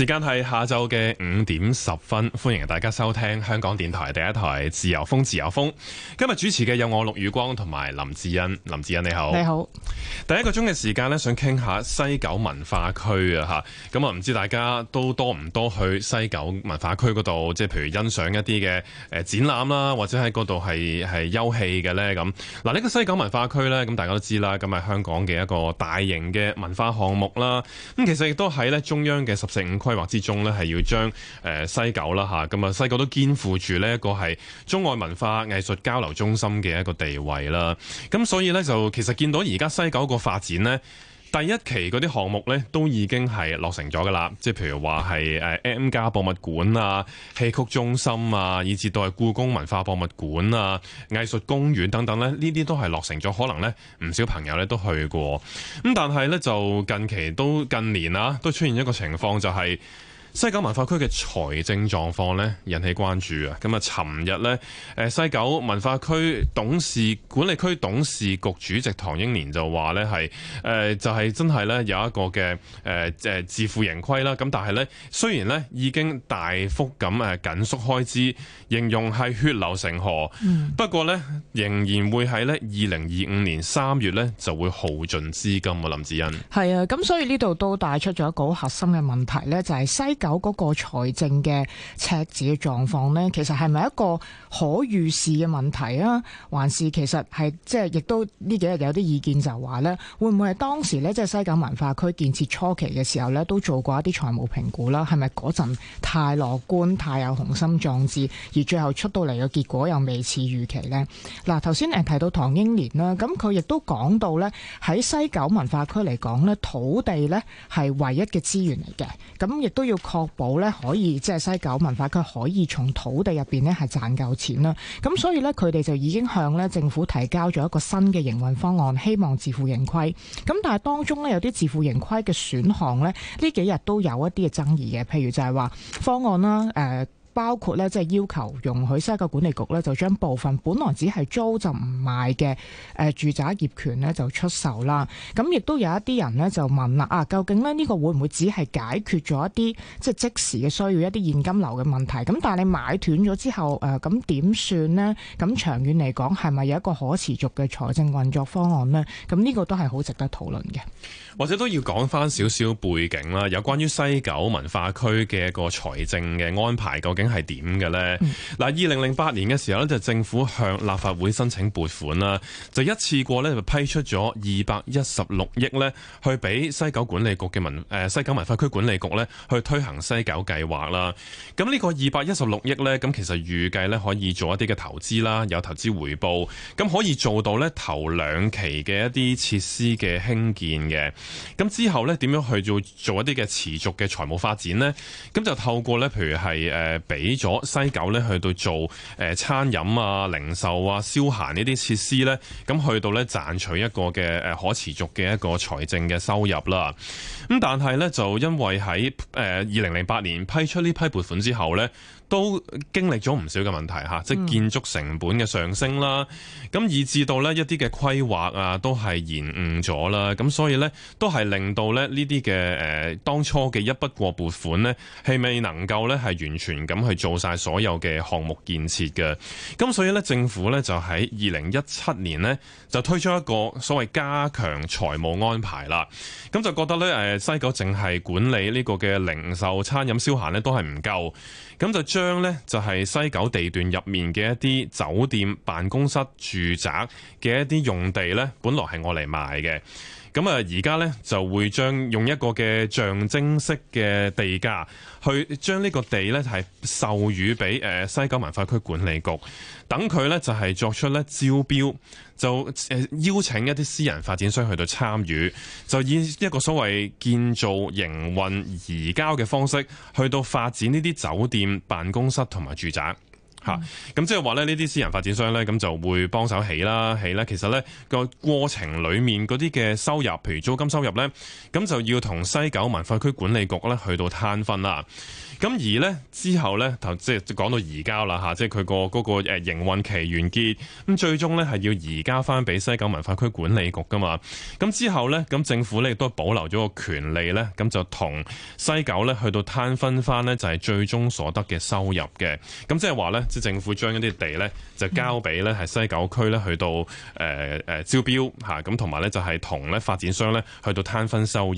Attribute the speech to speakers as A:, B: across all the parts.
A: 時間係下晝嘅五點十分，歡迎大家收聽香港電台第一台自由風。自由風，今日主持嘅有我陸雨光同埋林志恩。林志恩你好，你好。第一個鐘嘅時間咧，想傾下西九文化區啊，吓咁啊，唔知大家都多唔多去西九文化區嗰度，即係譬如欣賞一啲嘅誒展覽啦，或者喺嗰度係係休憩嘅呢。咁、啊、嗱，呢、呢個西九文化區呢，咁大家都知啦，咁係香港嘅一個大型嘅文化項目啦。咁其實亦都喺呢中央嘅十四五規劃之中呢，係要將誒西九啦嚇，咁啊西九都肩負住呢一個係中外文化藝術交流中心嘅一個地位啦。咁所以呢，就其實見到而家西九個發展呢。第一期嗰啲項目咧，都已經係落成咗噶啦。即係譬如話係 M+ 博物館啊、戲曲中心啊，以至到係故宮文化博物館啊、藝術公園等等咧，呢啲都係落成咗。可能咧，唔少朋友咧都去過。咁但係咧，就近期都近年啦，都出現一個情況就係、是。西九文化區嘅財政狀況呢引起關注啊！咁啊，尋日呢，誒西九文化區董事管理區董事局主席唐英年就話呢，係誒就係、是、真係呢有一個嘅誒誒自負盈虧啦！咁但係呢，雖然呢已經大幅咁誒緊縮開支，形容係血流成河、嗯，不過呢，仍然會喺呢二零二五年三月呢就會耗盡資金啊！林志恩，
B: 係啊！咁所以呢度都帶出咗一個好核心嘅問題呢，就係、是、西。九嗰個財政嘅赤字嘅狀況呢，其實係咪一個可預視嘅問題啊？還是其實係即係亦都呢幾日有啲意見就話呢，會唔會係當時呢？即係西九文化區建設初期嘅時候呢，都做過一啲財務評估啦？係咪嗰陣太樂觀、太有雄心壯志，而最後出到嚟嘅結果又未似預期呢？嗱，頭先誒提到唐英年啦，咁佢亦都講到呢，喺西九文化區嚟講呢，土地呢係唯一嘅資源嚟嘅，咁亦都要。確保咧可以即係西九文化區可以從土地入邊咧係賺夠錢啦，咁所以咧佢哋就已經向咧政府提交咗一個新嘅營運方案，希望自負盈虧。咁但係當中咧有啲自負盈虧嘅選項咧，呢幾日都有一啲嘅爭議嘅，譬如就係話方案啦，誒、呃。包括咧，即係要求容許西九管理局咧，就將部分本來只係租就唔賣嘅誒住宅業權咧，就出售啦。咁亦都有一啲人咧就問啦，啊，究竟咧呢個會唔會只係解決咗一啲即係即時嘅需要，一啲現金流嘅問題？咁但係你買斷咗之後，誒咁點算呢？咁長遠嚟講，係咪有一個可持續嘅財政運作方案呢？咁呢個都係好值得討論嘅。
A: 或者都要講返少少背景啦，有關於西九文化區嘅一個財政嘅安排個。究竟係點嘅呢？嗱，二零零八年嘅時候呢，就政府向立法會申請撥款啦，就一次過呢，就批出咗二百一十六億呢去俾西九管理局嘅文誒西九文化區管理局呢去推行西九計劃啦。咁呢個二百一十六億呢，咁其實預計呢可以做一啲嘅投資啦，有投資回報，咁可以做到呢頭兩期嘅一啲設施嘅興建嘅。咁之後呢，點樣去做做一啲嘅持續嘅財務發展呢？咁就透過呢，譬如係誒。呃俾咗西九咧去到做誒餐飲啊、零售啊、消閒呢啲設施咧，咁去到咧賺取一個嘅誒可持續嘅一個財政嘅收入啦。咁但係咧，就因為喺誒二零零八年批出呢批撥款之後咧。都經歷咗唔少嘅問題嚇，即係建築成本嘅上升啦，咁、嗯、以至到呢一啲嘅規劃啊，都係延誤咗啦。咁所以呢，都係令到咧呢啲嘅誒當初嘅一筆過撥款呢，係未能夠呢，係完全咁去做晒所有嘅項目建設嘅。咁所以呢，政府呢，就喺二零一七年呢，就推出一個所謂加強財務安排啦。咁就覺得呢，西九淨係管理呢個嘅零售餐飲、餐飲、消閒呢，都係唔夠，咁就將將呢就係西九地段入面嘅一啲酒店、辦公室、住宅嘅一啲用地呢，本來係我嚟賣嘅。咁啊，而家咧，就會將用一個嘅象徵式嘅地價去將呢個地咧，係授予俾誒西九文化區管理局，等佢咧，就係作出咧招標，就誒邀請一啲私人發展商去到參與，就以一個所謂建造、營運、移交嘅方式去到發展呢啲酒店、辦公室同埋住宅。吓、嗯，咁即係話咧，呢啲私人發展商咧，咁就會幫手起啦，起啦，其實咧個過程裏面嗰啲嘅收入，譬如租金收入咧，咁就要同西九文化區管理局咧去到攤分啦。咁而呢之後咧，就即係講到移交啦吓，即係佢、嗰個嗰、嗰個誒營運期完結，咁最終咧係要移交翻俾西九文化區管理局噶嘛。咁之後咧，咁政府咧亦都保留咗個權利咧，咁就同西九咧去到攤分翻呢，就係、是、最終所得嘅收入嘅。咁即係話咧。即政府將一啲地呢就交俾呢係西九區呢去到誒誒，呃、招標嚇，咁同埋呢就係同呢發展商呢去到攤分收入。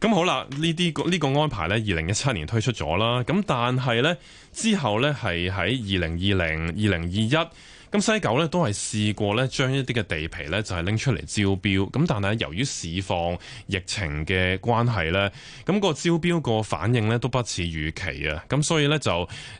A: 咁好啦，呢啲呢個安排呢，二零一七年推出咗啦。咁但係呢之後呢，係喺二零二零二零二一。咁西九咧都係試過咧，將一啲嘅地皮咧就係、是、拎出嚟招標，咁但係由於市況疫情嘅關係咧，咁、那個招標個反應咧都不似預期啊，咁所以咧就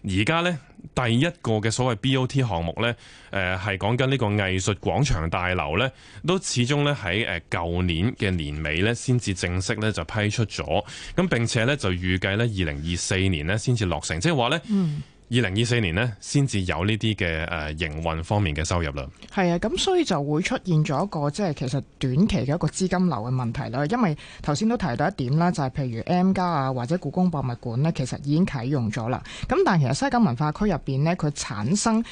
A: 而家咧第一個嘅所謂 BOT 項目咧，誒係講緊呢個藝術廣場大樓咧，都始終咧喺誒舊年嘅年尾咧先至正式咧就批出咗，咁並且咧就預計咧二零二四年咧先至落成，即係話咧。嗯二零二四年呢，先至有呢啲嘅誒營運方面嘅收入啦。
B: 係啊，咁所以就會出現咗一個即係其實短期嘅一個資金流嘅問題啦。因為頭先都提到一點啦，就係、是、譬如 M+ 啊或者故宮博物館呢，其實已經啟用咗啦。咁但係其實西九文化區入邊呢，佢產生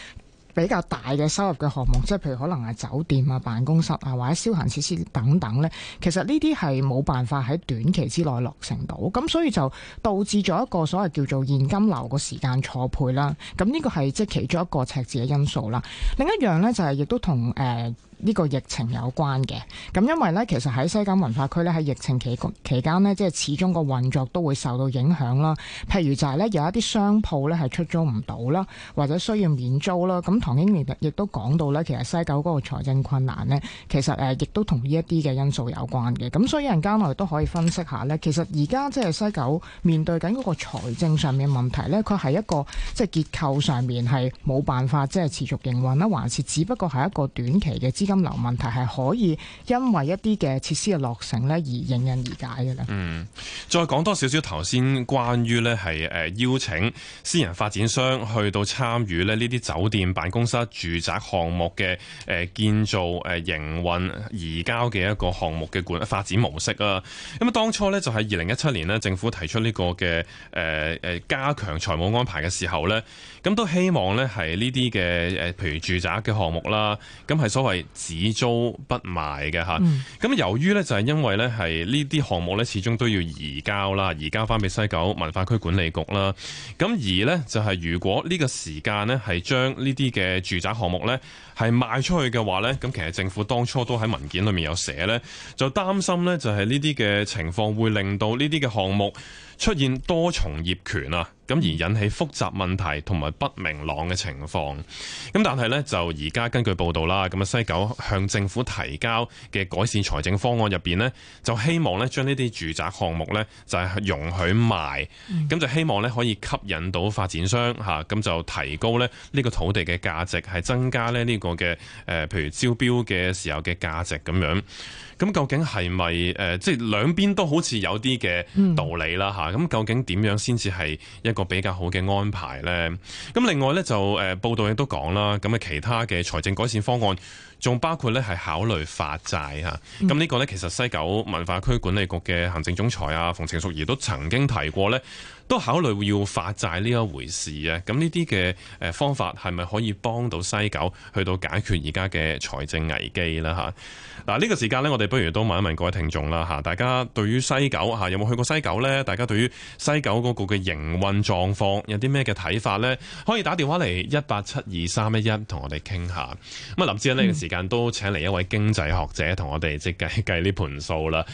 B: 比較大嘅收入嘅項目，即係譬如可能係酒店啊、辦公室啊，或者消閒設施等等呢，其實呢啲係冇辦法喺短期之內落成到，咁所以就導致咗一個所謂叫做現金流嘅時間錯配啦。咁呢個係即係其中一個赤字嘅因素啦。另一樣呢，就係亦都同誒，呃呢個疫情有關嘅，咁因為咧，其實喺西九文化區咧喺疫情期期間呢，即係始終個運作都會受到影響啦。譬如就係咧有一啲商鋪咧係出租唔到啦，或者需要免租啦。咁唐英年亦都講到咧，其實西九嗰個財政困難呢，其實誒亦都同呢一啲嘅因素有關嘅。咁所以一陣間內都可以分析下咧，其實而家即係西九面對緊嗰個財政上面問題咧，佢係一個即係結構上面係冇辦法即係持續營運啦，還是只不過係一個短期嘅資金金流問題係可以因為一啲嘅設施嘅落成咧而迎刃而解嘅啦。嗯，
A: 再講多少少頭先關於咧係誒邀請私人發展商去到參與咧呢啲酒店、辦公室、住宅項目嘅誒建造、誒營運、移交嘅一個項目嘅管發展模式啊。咁啊，當初呢，就係二零一七年咧政府提出呢個嘅誒誒加強財務安排嘅時候呢，咁都希望呢係呢啲嘅誒譬如住宅嘅項目啦，咁係所謂，只租不賣嘅吓，咁、嗯、由於呢就係因為呢係呢啲項目呢始終都要移交啦，移交翻俾西九文化區管理局啦。咁而呢就係如果呢個時間呢係將呢啲嘅住宅項目呢係賣出去嘅話呢，咁其實政府當初都喺文件裏面有寫呢，就擔心呢就係呢啲嘅情況會令到呢啲嘅項目出現多重業權啊。咁而引起複雜問題同埋不明朗嘅情況。咁但係呢，就而家根據報道啦，咁啊西九向政府提交嘅改善財政方案入邊呢，就希望呢將呢啲住宅項目呢就係容許賣，咁、嗯、就希望呢可以吸引到發展商嚇，咁就提高呢呢個土地嘅價值，係增加呢、這、呢個嘅誒，譬如招標嘅時候嘅價值咁樣。咁究竟係咪？誒、呃，即係兩邊都好似有啲嘅道理啦，吓、嗯、咁究竟點樣先至係一個比較好嘅安排呢？咁另外咧就誒、呃、報道亦都講啦，咁嘅其他嘅財政改善方案，仲包括咧係考慮發債吓。咁、嗯、呢個咧其實西九文化區管理局嘅行政總裁啊，馮程淑儀都曾經提過咧，都考慮要發債呢一回事啊。咁呢啲嘅誒方法係咪可以幫到西九去到解決而家嘅財政危機咧？吓？嗱、這、呢個時間呢，我哋不如都問一問各位聽眾啦嚇，大家對於西九嚇有冇去過西九呢？大家對於西九嗰個嘅營運狀況有啲咩嘅睇法呢？可以打電話嚟一八七二三一一，同我哋傾下。咁啊，林志恩呢個時間都請嚟一位經濟學者同我哋即計計呢盤數啦。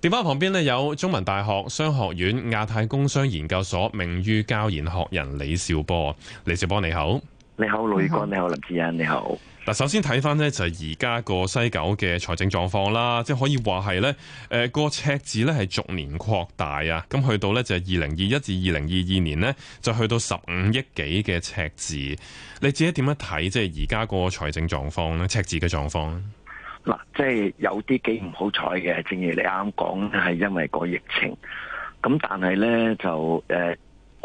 A: 電話旁邊呢，有中文大學商學院亞太工商研究所名譽教研學人李兆波。李兆波你好，
C: 你好，李宇你，你，你好，林志恩你好。
A: 嗱，首先睇翻呢，就係而家個西九嘅財政狀況啦，即係可以話係呢，誒個赤字呢係逐年擴大啊，咁去到呢，就係二零二一至二零二二年呢，就去到十五億幾嘅赤字，你自己點樣睇？即係而家個財政狀況呢，赤字嘅狀況？
C: 嗱，即係有啲幾唔好彩嘅，正如你啱講係因為個疫情，咁但係呢，就誒。呃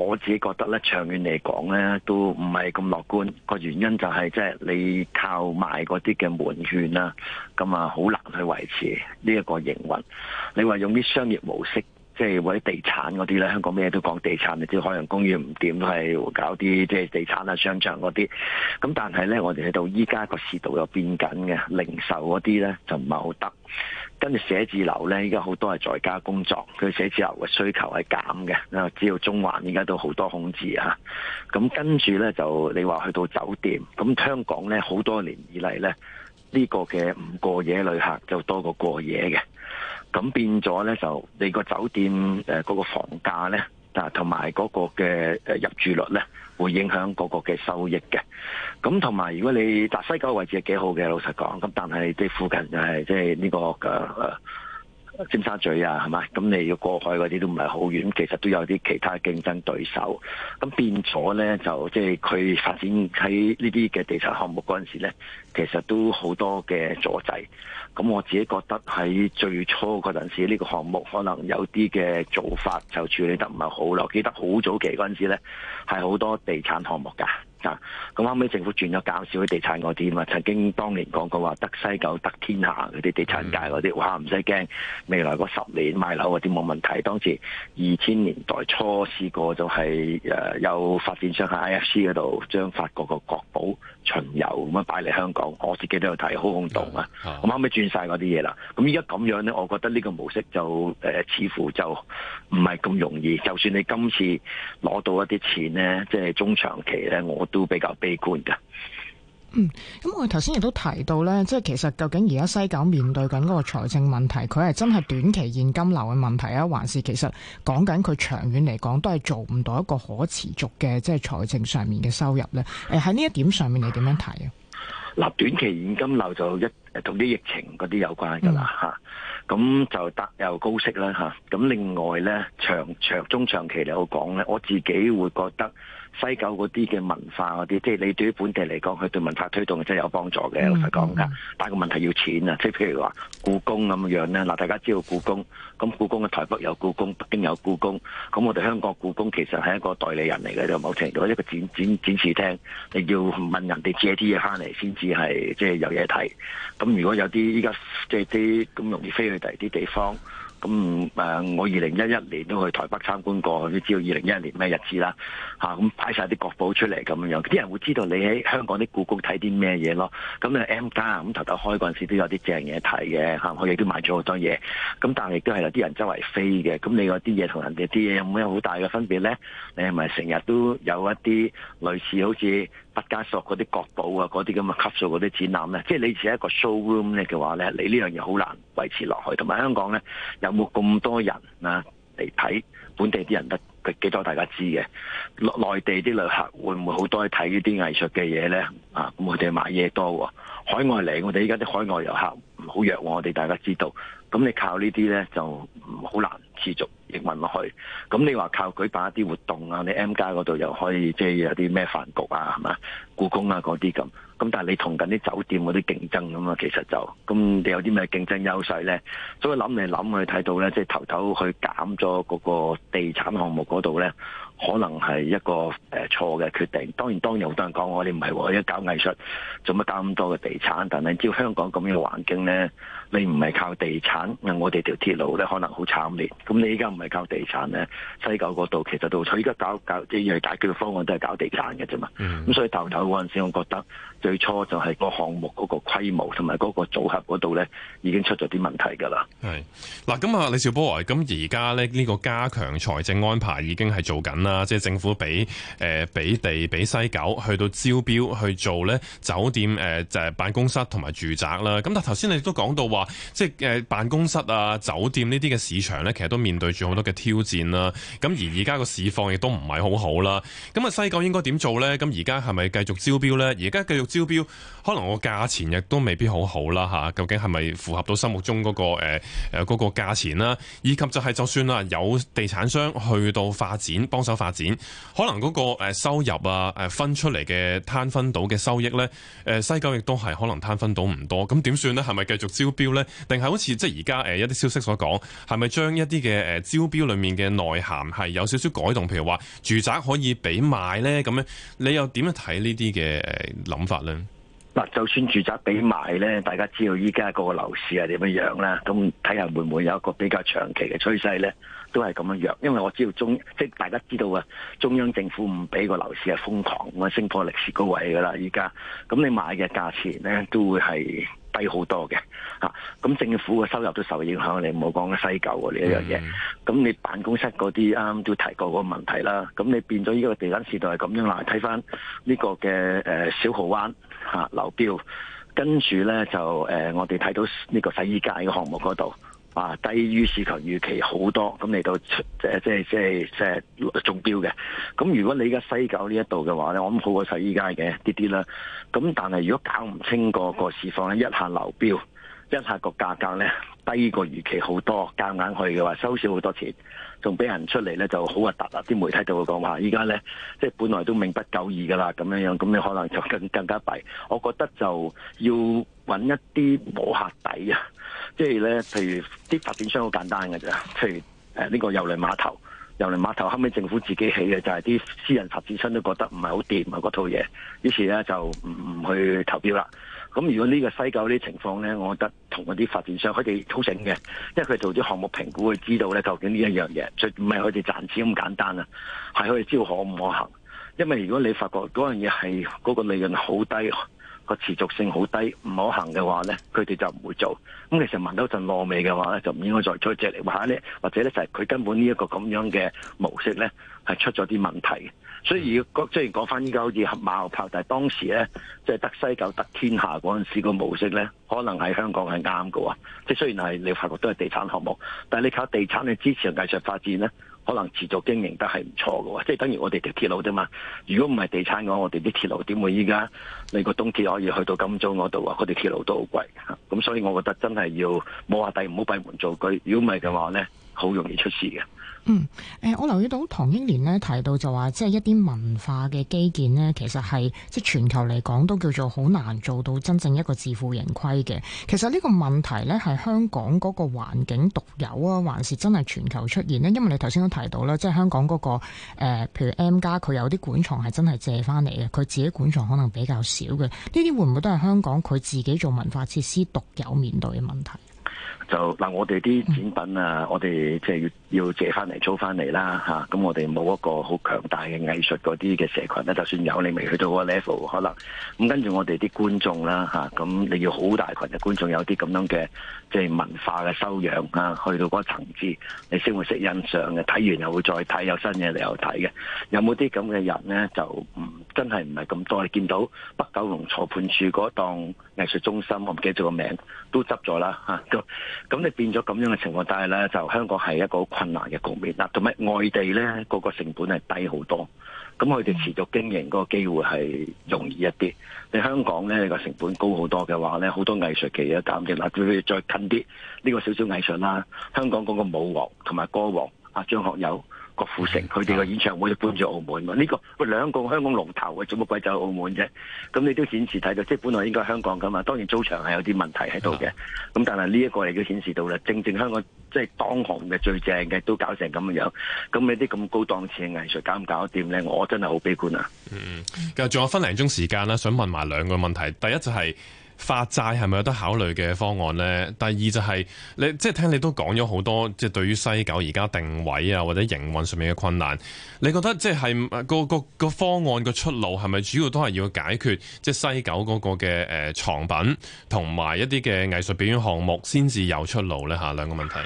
C: 我自己覺得咧，長遠嚟講咧都唔係咁樂觀。個原因就係即係你靠賣嗰啲嘅門券啦，咁啊好難去維持呢一個營運。你話用啲商業模式，即係或者地產嗰啲咧，香港咩都講地產，你知海洋公園唔掂都係搞啲即係地產啊、商場嗰啲。咁但係咧，我哋去到依家個市道又變緊嘅，零售嗰啲咧就唔係好得。跟住寫字樓呢，依家好多係在家工作，佢寫字樓嘅需求係減嘅。只要中環依家都好多空置啊。咁跟住呢，就你話去到酒店，咁香港呢，好多年以嚟呢，呢、呢個嘅唔過夜旅客就多過過夜嘅，咁變咗呢，就你個酒店嗰個房價呢，嗱同埋嗰個嘅入住率呢。會影響各個嘅收益嘅，咁同埋如果你達西九位置係幾好嘅，老實講。咁但係即係附近就係即係呢個嘅。尖沙咀啊，係嘛？咁你要過海嗰啲都唔係好遠，其實都有啲其他競爭對手。咁變咗呢，就即係佢發展喺呢啲嘅地產項目嗰陣時呢，其實都好多嘅阻滯。咁我自己覺得喺最初嗰陣時，呢、呢個項目可能有啲嘅做法就處理得唔係好咯。我記得好早期嗰陣時呢，係好多地產項目噶。咁、啊、後尾政府轉咗較少啲地產嗰啲嘛，曾經當年講過話得西九得天下嗰啲地產界嗰啲，哇，唔使驚未來嗰十年買樓嗰啲冇問題。當時二千年代初試過，就係誒有發展商喺 I F C 嗰度將法國個國寶巡遊咁樣擺嚟香港，我自己都有睇，好轟動啊！咁後尾轉晒嗰啲嘢啦，咁依家咁樣咧，我覺得呢個模式就、呃、似乎就唔係咁容易。就算你今次攞到一啲錢咧，即係中長期咧，我。都比較悲觀
B: 嘅。嗯，咁我哋頭先亦都提到咧，即係其實究竟而家西九面對緊嗰個財政問題，佢係真係短期現金流嘅問題啊，還是其實講緊佢長遠嚟講都係做唔到一個可持續嘅即係財政上面嘅收入咧？誒喺呢一點上面你點樣睇啊？
C: 嗱，短期現金流就一誒同啲疫情嗰啲有關噶啦嚇，咁、嗯啊、就得又高息啦嚇。咁、啊、另外咧長長中長,長,長期嚟講咧，我自己會覺得。西九嗰啲嘅文化嗰啲，即係你對於本地嚟講，佢對文化推動真係有幫助嘅，mm -hmm. 老實講噶。但係個問題要錢啊，即係譬如話故宮咁樣啦，嗱，大家知道故宮，咁故宮喺台北有故宮，北京有故宮，咁我哋香港故宮其實係一個代理人嚟嘅，就某程度，如果一個展展展示廳，你要問人哋借啲嘢翻嚟先至係即係有嘢睇。咁如果有啲依家即係啲咁容易飛去第二啲地方。咁誒，我二零一一年都去台北參觀過，你知道二零一一年咩日子啦嚇，咁擺晒啲國寶出嚟咁樣樣，啲人會知道你喺香港啲故宮睇啲咩嘢咯。咁你 M+ 咁頭頭開嗰陣時都有啲正嘢睇嘅嚇，我亦都買咗好多嘢。咁、啊、但係亦都係有啲人周圍飛嘅，咁你嗰啲嘢同人哋啲嘢有冇咩好大嘅分別咧？你係咪成日都有一啲類似好似加索嗰啲國寶啊，嗰啲咁嘅級數嗰啲展覽咧，即係你似一個 showroom 嚟嘅話咧，你呢樣嘢好難維持落去。同埋香港咧，有冇咁多人啊嚟睇本地啲人得幾多？大家知嘅內地啲旅客會唔會好多去睇呢啲藝術嘅嘢咧？啊，咁我哋買嘢多喎、啊，海外嚟我哋依家啲海外遊客唔好弱、啊，我哋大家知道。咁你靠呢啲咧就唔好難，持續營運落去，咁你話靠舉辦一啲活動啊？你 M+ 嗰度又可以即係有啲咩飯局啊？係嘛？故宮啊嗰啲咁，咁但係你同緊啲酒店嗰啲競爭咁啊，其實就咁你有啲咩競爭優勢咧？所以諗嚟諗去睇到咧，即係頭頭去減咗嗰個地產項目嗰度咧。可能係一個誒、呃、錯嘅決定。當然，當然好多人講我哋唔係喎，而家、喔、搞藝術做乜搞咁多嘅地產？但係照香港咁樣嘅環境咧，你唔係靠地產，我哋條鐵路咧可能好慘烈。咁你依家唔係靠地產咧，西九嗰度其實都佢依家搞搞即係解決嘅方案都係搞地產嘅啫嘛。咁、嗯、所以頭頭嗰陣時，我覺得最初就係個項目嗰個規模同埋嗰個組合嗰度咧，已經出咗啲問題㗎啦。係
A: 嗱，咁啊李兆波啊，咁而家咧呢個加強財政安排已經係做緊啦。啊！即係政府俾誒俾地俾西九去到招標去做咧酒店誒、呃、就係辦公室同埋住宅啦。咁但頭先你都講到話，即係、呃、辦公室啊、酒店呢啲嘅市場咧，其實都面對住好多嘅挑戰啦。咁而而家個市況，亦都唔係好好啦。咁啊西九應該點做咧？咁而家係咪繼續招標咧？而家繼續招標可能個價錢亦都未必好好啦吓、啊、究竟係咪符合到心目中嗰個誒誒嗰個價錢啦？以及就係就算啦有地產商去到發展幫手。發展可能嗰個誒收入，啊誒分出嚟嘅、攤分到嘅收益呢，誒西九亦都係可能攤分到唔多，咁點算呢？係咪繼續招標呢？定係好似即係而家誒一啲消息所講，係咪將一啲嘅誒招標裏面嘅內涵係有少少改動？譬如話住宅可以俾賣呢？咁你又點樣睇呢啲嘅
C: 誒諗法呢？嗱，就算住宅俾賣呢，大家知道依家個樓市係點樣樣啦，咁睇下會唔會有一個比較長期嘅趨勢呢？都係咁樣樣，因為我知道中，即係大家知道啊，中央政府唔俾個樓市係瘋狂，咁啊升破歷史高位噶啦，依家咁你買嘅價錢咧都會係低好多嘅，吓、啊、咁政府嘅收入都受影響，你唔好講西九呢一樣嘢，咁、嗯嗯、你辦公室嗰啲啱啱都提過嗰個問題啦，咁你變咗依個地產時代係咁樣啦，睇翻呢個嘅誒、呃、小蠔灣吓樓標，跟住咧就誒、呃、我哋睇到呢個洗衣街嘅項目嗰度。啊，低於市場預期好多，咁嚟到即係即係即係即係中標嘅。咁如果你而家西九呢一度嘅話咧，我諗好過晒依家嘅啲啲啦。咁但係如果搞唔清個個市況咧，一下流標，一下個價格咧低過預期好多，夾硬去嘅話，收少好多錢，仲俾人出嚟咧就好核突啦。啲媒體就會講話依家咧，即係本來都命不久矣㗎啦，咁樣樣咁你可能就更更加弊。我覺得就要。揾一啲冇客底啊！即係咧，譬如啲發展商好簡單㗎咋，譬如誒呢個郵輪碼頭，郵輪碼頭後尾政府自己起嘅，就係、是、啲私人發展商都覺得唔係好掂啊，嗰套嘢，於是咧就唔唔去投標啦。咁如果呢個西九啲情況咧，我覺得同嗰啲發展商，佢哋好醒嘅，因為佢做啲項目評估，佢知道咧究竟呢一樣嘢，最唔係佢哋賺錢咁簡單啊，係佢哋知道可唔可行。因為如果你發覺嗰樣嘢係嗰個利潤好低。個持續性好低，唔可行嘅話咧，佢哋就唔會做。咁其實聞到一陣落味嘅話咧，就唔應該再出借嚟，或者咧，或者咧就係佢根本呢、這、一個咁樣嘅模式咧，係出咗啲問題。所以而即係講翻依家好似馬後炮，但係當時咧即係得西九得天下嗰陣時個模式咧，可能喺香港係啱嘅。即係雖然係你發覺都係地產項目，但係你靠地產去支持藝術發展咧，可能持續經營得係唔錯嘅，即係等於我哋條鐵路啫嘛。如果唔係地產嘅話，我哋啲鐵路點會依家你個東鐵可以去到金鐘嗰度啊？佢條鐵路都好貴，咁所以我覺得真係要冇話第唔好閉門造車，如果唔係嘅話咧，好容易出事嘅。
B: 嗯，誒，我留意到唐英年咧提到就話即係一啲文化嘅基建咧，其實係即係全球嚟講都叫做好難做到真正一個自負盈虧嘅。其實呢個問題咧，係香港嗰個環境獨有啊，還是真係全球出現咧？因為你頭先都提到啦，即係香港嗰個誒，呃，譬如 M+ 佢有啲館藏係真係借翻嚟嘅，佢自己館藏可能比較少嘅。呢啲會唔會都係香港佢自己做文化設施獨有面對嘅問題。
C: 就嗱，我哋啲展品啊，我哋即係要要借翻嚟租翻嚟啦吓，咁、啊、我哋冇一個好強大嘅藝術嗰啲嘅社群咧，就算有，你未去到嗰個 level，可能咁跟住我哋啲觀眾啦吓，咁、啊、你要好大群嘅觀眾有啲咁樣嘅。即係文化嘅修養啊，去到嗰層次，你先會識欣賞嘅。睇完又會再睇，有新嘢你又睇嘅。有冇啲咁嘅人咧？就唔真係唔係咁多。你見到北九龍裁判處嗰檔藝術中心，我唔記得咗個名，都執咗啦吓。咁咁你變咗咁樣嘅情況，但係咧，就香港係一個好困難嘅局面啦。同埋外地咧，個個成本係低好多。咁佢哋持續經營嗰個機會係容易一啲。你香港咧，個成本高好多嘅話咧，好多藝術期一減嘅。嗱，佢哋再近啲呢、呢個少少藝術啦，香港嗰個舞王同埋歌王啊，張學友，郭富城佢哋嘅演唱會搬咗澳門嘛？呢、嗯呢個喂，兩個香港龍頭，做乜鬼走去澳門啫？咁你都顯示睇到，即係本來應該香港㗎嘛？當然租場係有啲問題喺度嘅。咁、嗯、但係呢一個亦都顯示到啦，正正香港即係當紅嘅最正嘅都搞成咁嘅樣。咁你啲咁高檔次嘅藝術搞唔搞得掂咧？我真係好悲觀啊！嗯嗯，
A: 今日仲有分零鐘時間啦，想問埋兩個問題。第一就係、是。發債係咪有得考慮嘅方案呢？第二就係、係、你即係聽你都講咗好多，即係對於西九而家定位啊，或者營運上面嘅困難，你覺得即係個個個、個方案嘅出路係咪主要都係要解決即係西九嗰個嘅誒、呃、藏品同埋一啲嘅藝術表演項目先至有出路呢？嚇，兩個問題。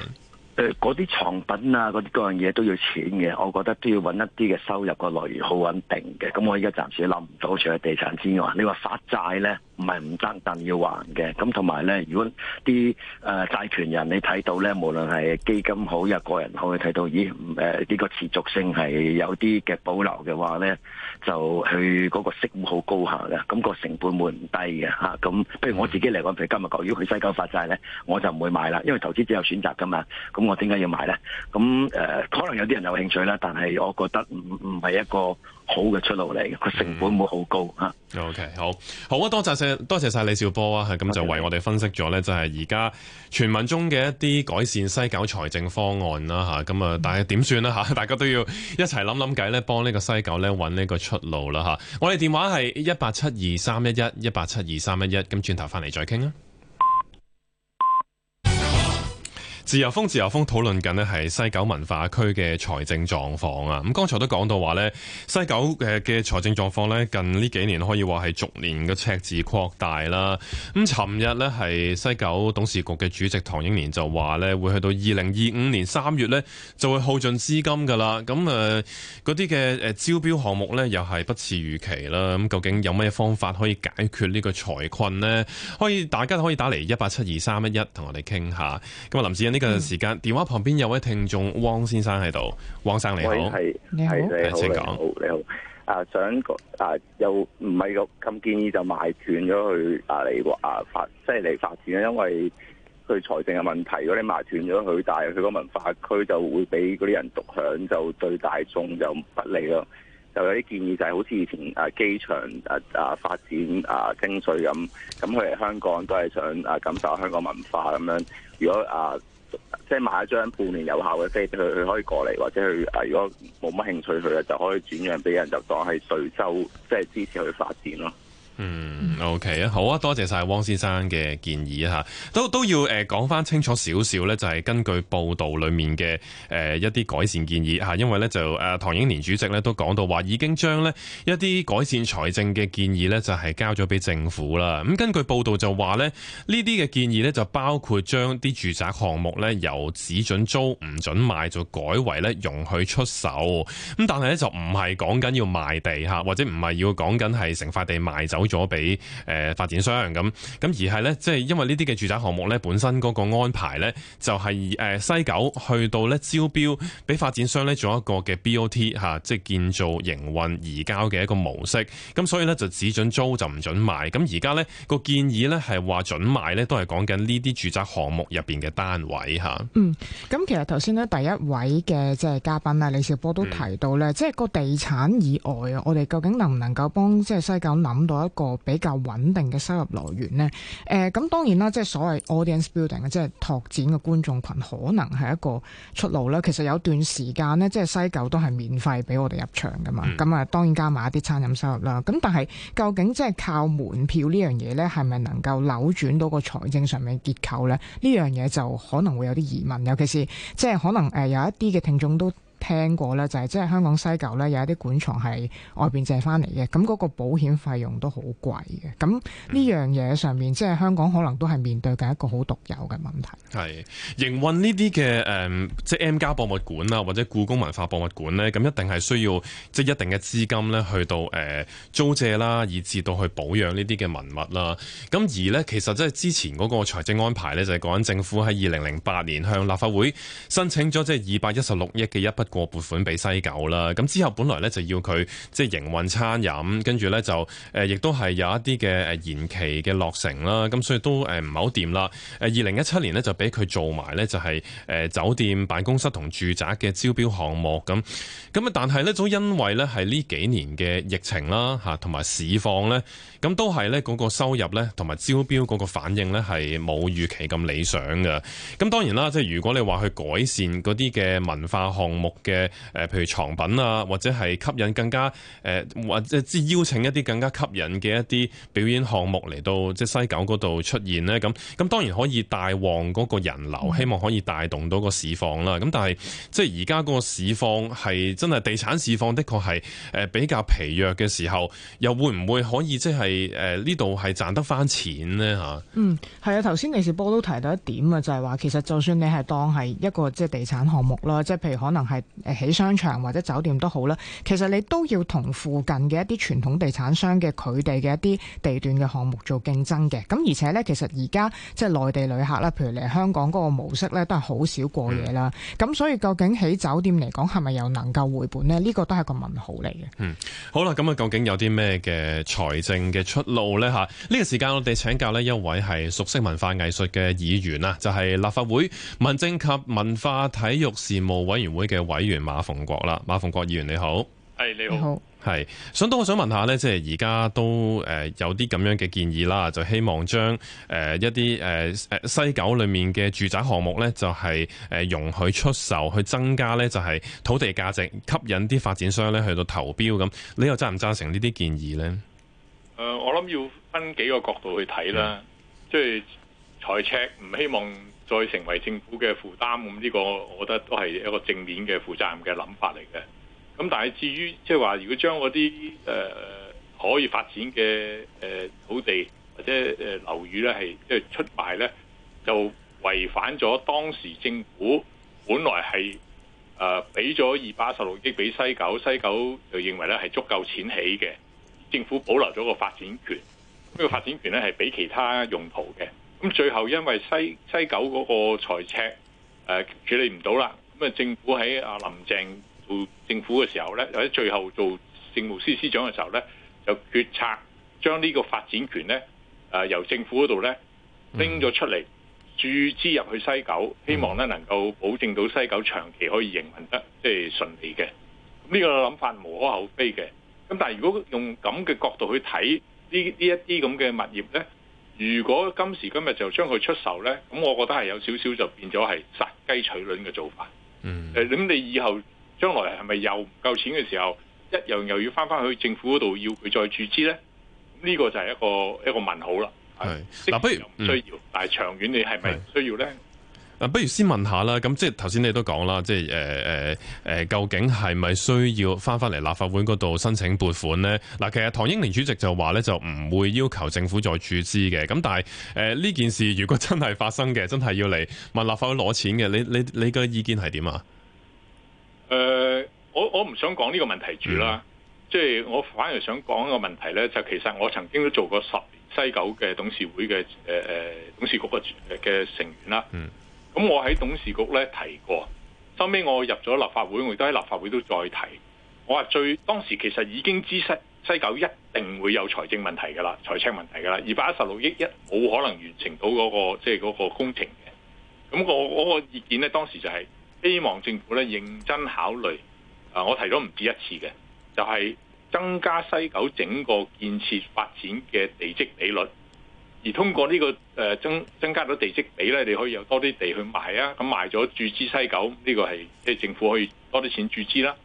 C: 嗰、呃、啲藏品啊，嗰啲各樣嘢都要錢嘅，我覺得都要揾一啲嘅收入個來源好穩定嘅。咁我而家暫時諗唔到除咗地產之外，你話發債呢？唔係唔得，但要還嘅。咁同埋咧，如果啲誒、呃、債權人你睇到咧，無論係基金好又個人好，你睇到，咦誒呢、呃呢個持續性係有啲嘅保留嘅話咧，就佢嗰個息會好高下嘅。咁、咁個成本會唔低嘅。咁譬如我自己嚟講，譬如今日講，如果佢西九發債咧，我就唔會買啦，因為投資者有選擇噶嘛。咁我點解要買咧？咁誒、呃，可能有啲人有興趣啦，但係我覺得唔唔係一個好嘅出路嚟嘅，個
A: 成本唔會好高吓、嗯。OK，好，好啊，多謝晒，多謝晒李兆波啊，咁就為我哋分析咗呢，就係而家傳聞中嘅一啲改善西九財政方案啦吓，咁啊，但係點算啦？吓？大家都要一齊諗諗計呢，幫呢個西九呢搵呢個出路啦吓。我哋電話係一八七二三一一一八七二三一一，咁轉頭翻嚟再傾啦。自由風，自由風討論緊呢係西九文化區嘅財政狀況啊。咁剛才都講到話呢西九嘅嘅財政狀況呢近呢幾年可以話係逐年嘅赤字擴大啦。咁尋日呢係西九董事局嘅主席唐英年就話呢會去到二零二五年三月呢就會耗盡資金噶啦。咁嗰啲嘅招標項目呢又係不似預期啦。咁究竟有咩方法可以解決呢個財困呢？可以大家可以打嚟一八七二三一一，同我哋傾下。咁啊，林志欣。呢、個時間電話旁邊有位聽眾汪先生喺度，汪生你好。係你好，請講。你
C: 好，你好。啊，想啊，又唔係咁建議就賣斷咗去啊，嚟啊發，即係嚟發展咧，因為佢財政嘅問題。如果你賣斷咗佢，但係佢個文化區就會俾嗰啲人獨享，就對大眾就不利咯。就有啲建議就係好似以前啊機場啊啊發展啊精髓咁，咁佢哋香港都係想啊感受香港文化咁樣。如果啊，即係買一張半年有效嘅飛俾佢，佢可以過嚟，或者佢誒如果冇乜興趣佢咧就可以轉讓俾人，就當係稅收，即係支持佢發展咯。
A: 嗯，OK 啊，好啊，多謝晒汪先生嘅建議吓，都都要誒講翻清楚少少咧，就係根據報道裏面嘅誒一啲改善建議吓，因為咧就誒唐英年主席咧都講到話，已經將咧一啲改善財政嘅建議咧就係交咗俾政府啦。咁根據報道就話咧呢啲嘅建議咧就包括將啲住宅項目咧由只准租唔准賣，就改為咧容許出售。咁但係咧就唔係講緊要賣地吓，或者唔係要講緊係成塊地賣走。咗俾誒發展商，咁咁而係呢，即係因為呢啲嘅住宅項目咧本身嗰個安排呢，就係誒西九去到呢，招標俾發展商呢，做一個嘅 BOT 吓，即係建造營運移交嘅一個模式。咁所以呢，就只准租就唔准賣。咁而家呢，個建議呢，係話准賣呢，都係講緊呢啲住宅項目入邊嘅單位吓。嗯，
B: 咁其實頭先呢，第一位嘅即係嘉賓啊李兆波都提到呢，嗯，即係個地產以外啊，我哋究竟能唔能夠幫即係西九諗到一？個比較穩定嘅收入來源呢？誒、呃，咁當然啦，即係所謂 audience building，即係拓展嘅觀眾群，可能係一個出路啦。其實有段時間呢，即係西九都係免費俾我哋入場噶嘛，咁、嗯、啊，當然加埋一啲餐飲收入啦。咁但係究竟即係靠門票呢樣嘢呢，係咪能夠扭轉到個財政上面結構呢？呢樣嘢就可能會有啲疑問，尤其是即係可能誒，有一啲嘅聽眾都。聽過咧，就係即係香港西九咧，有一啲館藏喺外邊借翻嚟嘅，咁嗰個保險費用都好貴嘅。咁呢樣嘢上面，即係香港可能都係面對緊一個好獨有嘅問題。
A: 係營運呢啲嘅誒，即係 M 家博物館啊，或者故宮文化博物館呢，咁一定係需要即係一定嘅資金呢去到誒租借啦，以至到去保養呢啲嘅文物啦。咁而呢，其實即係之前嗰個財政安排呢，就係講緊政府喺二零零八年向立法會申請咗即係二百一十六億嘅一筆。過撥款俾西九啦，咁之後本來咧就要佢即係營運餐飲，跟住咧就誒亦都係有一啲嘅誒延期嘅落成啦，咁所以都誒唔係好掂啦。誒二零一七年呢，就俾佢做埋咧就係誒酒店、辦公室同住宅嘅招標項目咁，咁啊但係咧都因為咧係呢幾年嘅疫情啦吓，同埋市況咧，咁都係咧嗰個收入咧同埋招標嗰個反應咧係冇預期咁理想嘅。咁當然啦，即係如果你話去改善嗰啲嘅文化項目。嘅誒，譬如藏品啊，或者係吸引更加誒、呃，或者即邀請一啲更加吸引嘅一啲表演項目嚟到即係西九嗰度出現呢。咁咁當然可以帶旺嗰個人流，希望可以帶動到個市況啦。咁但係即係而家嗰個市況係真係地產市況，的確係誒比較疲弱嘅時候，又會唔會可以即係誒呢度係賺得翻錢呢？嚇，嗯，
B: 係啊，頭先李兆波都提到一點啊，就係、是、話其實就算你係當係一個即係地產項目啦，即係譬如可能係。誒，起商場或者酒店都好啦，其實你都要同附近嘅一啲傳統地產商嘅佢哋嘅一啲地段嘅項目做競爭嘅。咁而且呢，其實而家即係內地旅客啦，譬如嚟香港嗰個模式呢，都係好少過夜啦。咁、嗯、所以究竟喺酒店嚟講，係咪又能夠回本呢？呢、呢個都係個問號嚟嘅。嗯，
A: 好啦，咁啊，究竟有啲咩嘅財政嘅出路呢？嚇，呢個時間我哋請教呢一位係熟悉文化藝術嘅議員啊，就係、係、立法會民政及文化體育事務委員會嘅委委員馬逢國啦，馬逢國議員你好，係你好，係想都我想問下呢，即係而家都誒有啲咁樣嘅建議啦，就希望將誒一啲誒誒西九裏面嘅住宅項目呢，就係誒容許出售，去增加呢，就係土地價值，吸引啲發展商呢去到投標咁，你又揸唔揸成呢啲建議呢？
D: 誒，我諗
E: 要分幾個角度去睇啦，即係財赤唔希望。再成為政府嘅負擔咁，呢個我覺得都係一個正面嘅負責任嘅諗法嚟嘅。咁但係至於即係話，如果將嗰啲誒可以發展嘅誒土地或者誒樓宇咧，係即係出賣咧，就違反咗當時政府本來係誒俾咗二百一十六億俾西九，西九就認為咧係足夠錢起嘅，政府保留咗個發展權。咁個發展權咧係俾其他用途嘅。咁最後因為西西九嗰個財赤，誒、呃、處理唔到啦，咁啊政府喺阿林鄭做政府嘅時候咧，或者最後做政務司司長嘅時候咧，就決策將呢個發展權咧，誒、呃、由政府嗰度咧拎咗出嚟注資入去西九，希望咧能夠保證到西九長期可以營運得即係、就是、順利嘅。呢、這個諗法無可厚非嘅。咁但係如果用咁嘅角度去睇呢呢一啲咁嘅物業咧？如果今時今日就將佢出售呢，咁我覺得係有少少就變咗係殺雞取卵嘅做法。誒、嗯，咁、呃、你以後將來係咪又唔夠錢嘅時候，一樣又，又要翻翻去政府嗰度要佢再注資呢？呢個就係一個一個問號啦。係嗱，又不如唔需要，嗯、但係長遠你係咪唔需要呢？
A: 不如先問下啦，咁即係頭先你都講啦，即係誒誒究竟係咪需要翻翻嚟立法會嗰度申請撥款呢？嗱，其實唐英年主席就話咧，就唔會要求政府再注資嘅。咁但係誒呢件事，如果真係發生嘅，真係要嚟問立法會攞錢嘅，你你你嘅意見係點啊？
E: 誒、呃，我我唔想講呢個問題住啦，即、嗯、係、就是、我反而想講一個問題呢，就其實我曾經都做過十年西九嘅董事會嘅誒誒董事局嘅嘅成員啦。嗯咁我喺董事局咧提過，收尾我入咗立法會，我亦都喺立法會都再提，我話最當時其實已經知西西九一定會有財政問題㗎啦，財赤問題㗎啦，二百一十六億一冇可能完成到嗰、嗰個即係嗰個工程嘅。咁我嗰、嗰個意見咧，當時就係、是、希望政府咧認真考慮。啊，我提咗唔止一次嘅，就係、是、增加西九整個建設發展嘅地積比率。而通過呢個誒增增加咗地積比咧，你可以有多啲地去賣啊！咁賣咗注資西九呢個係即係政府可以多啲錢注資啦，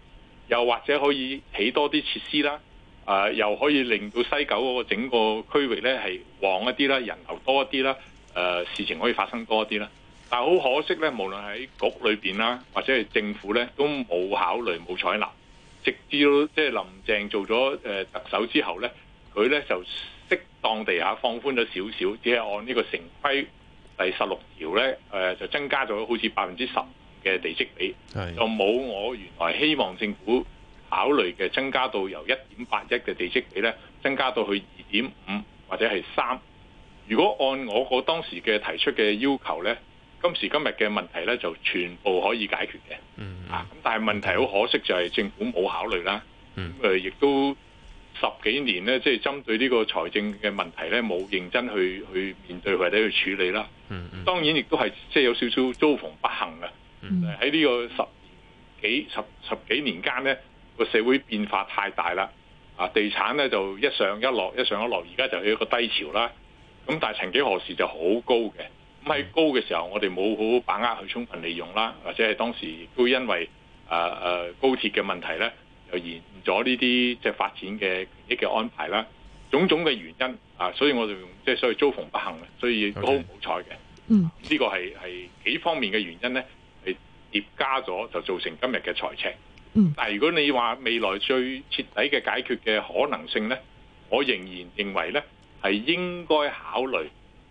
E: 又或者可以起多啲設施啦，誒又可以令到西九嗰個整個區域咧係旺一啲啦，人流多一啲啦，誒事情可以發生多啲啦。但係好可惜咧，無論喺局裏邊啦，或者係政府咧，都冇考慮冇採納。直至到即係林鄭做咗誒特首之後咧，佢咧就。當地下放寬咗少少，只係按呢個城規第十六條咧，誒、呃、就增加咗好似百分之十嘅地積比，
C: 就冇
E: 我原來希望政府考慮嘅增加到由一點八億嘅地積比咧，增加到去二點五或者係三。如果按我我當時嘅提出嘅要求咧，今時今日嘅問題咧就全部可以解決嘅。嗯，啊，但係問題好可惜就係政府冇考慮啦。嗯、呃，誒，亦都。十幾年咧，即係針對呢個財政嘅問題咧，冇認真去去面對或者去處理啦。當然亦都係即係有少少遭逢不幸啊！喺呢個十幾十十幾年間咧，個社會變化太大啦。啊，地產咧就一上一落，一上一落，而家就去一個低潮啦。咁但係曾幾何時就好高嘅。咁喺高嘅時候，我哋冇好好把握去充分利用啦。或者係當時都因為呃呃高鐵嘅問題咧。就延咗呢啲即係發展嘅權益嘅安排啦，種種嘅原因啊，所以我哋即係所以遭逢不幸，所以都好唔彩嘅。嗯、okay，呢個係係幾方面嘅原因咧，係疊加咗就造成今日嘅財赤。嗯，但係如果你話未來最徹底嘅解決嘅可能性咧，我仍然認為咧係應該考慮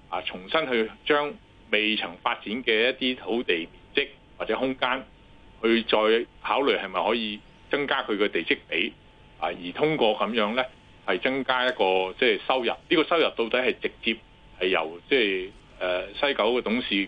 E: 啊，重新去將未曾發展嘅一啲土地面積或者空間去再考慮係咪可以。增加佢嘅地積比，啊，而通過咁樣呢係增加一個即、就是、收入。呢、這個收入到底係直接係由即係、就是呃、西九嘅董事局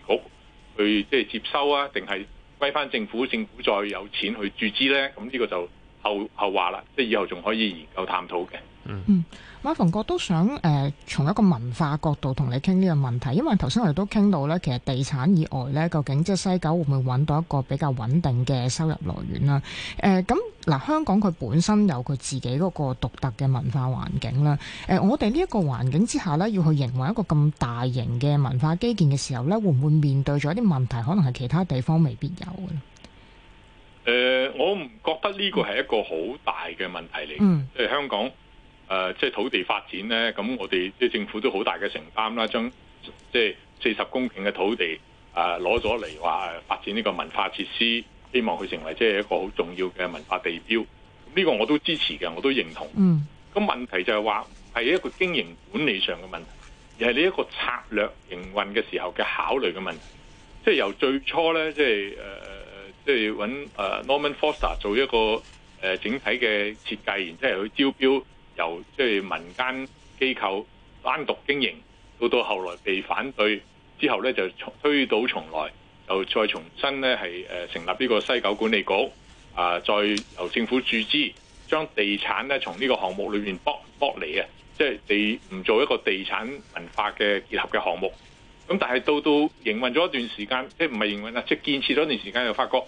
E: 去即係、就是、接收啊，定係歸翻政府？政府再有錢去注資呢？咁呢個就後後話啦，即、就是、以後仲可以研究探討嘅。
B: 嗯，馬逢國都想誒，從、呃、一個文化角度同你傾呢個問題，因為頭先我哋都傾到呢。其實地產以外呢，究竟即係西九會唔會揾到一個比較穩定嘅收入來源咧？誒、呃，咁嗱、呃，香港佢本身有佢自己嗰個獨特嘅文化環境啦。誒、呃，我哋呢一個環境之下呢，要去營運一個咁大型嘅文化基建嘅時候呢，會唔會面對咗一啲問題？可能係其他地方未必有嘅。誒、
E: 呃，我唔覺得呢個係一個好大嘅問題嚟嘅，即、嗯、係香港。誒、啊，即係土地發展咧，咁我哋即係政府都好大嘅承擔啦，將即係四十公頃嘅土地攞咗嚟話發展呢個文化設施，希望佢成為即係一個好重要嘅文化地標。呢個我都支持嘅，我都認同。嗯，咁問題就係話係一個經營管理上嘅問題，而係你一個策略營運嘅時候嘅考慮嘅問題。即係由最初咧，即係誒、呃，即係揾 Norman Foster 做一個、呃、整體嘅設計，然之後去招標。由即係民間機構單獨經營，到到後來被反對之後咧，就推倒重來，就再重新成立呢個西九管理局啊，再由政府注資將地產咧從呢個項目裏面剝剝離啊，即係你唔做一個地產文化嘅結合嘅項目。咁但係到到營運咗一段時間，即係唔係營運啦，即係建設咗一段時間，就發覺